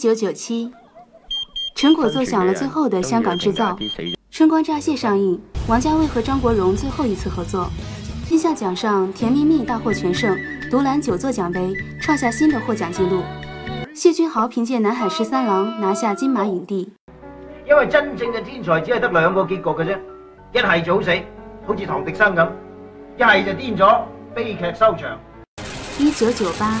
一九九七，陳果作響了最後的香港製造，《春光乍泄》上映，王家衛和張國榮最後一次合作。天下獎上，《甜蜜蜜》大獲全勝，獨攬九座獎盃，創下新的獲獎紀錄。謝君豪憑借《南海十三郎》拿下金馬影帝。因為真正嘅天才只係得兩個結局嘅啫，一係早死，好似唐滌生咁；一係就癲咗，悲劇收場。一九九八。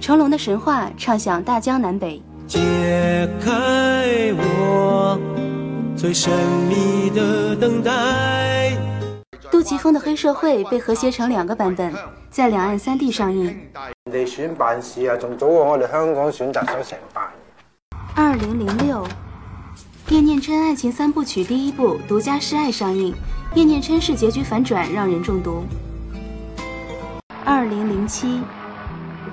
成龍的神話唱響大江南北。解開我最神秘的等待。杜琪峰的黑社會被和諧成兩個版本，在兩岸三地上映。人哋選辦事啊，仲早過我哋香港選擇咗成班。二零零六，葉念琛愛情三部曲第一部獨家試愛上映，葉念琛是結局反轉，讓人中毒。二零零七。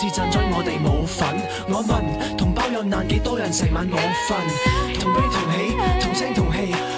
是賑災我哋冇份，我問同胞有難，幾多人成晚冇瞓，同悲同喜，同聲同氣。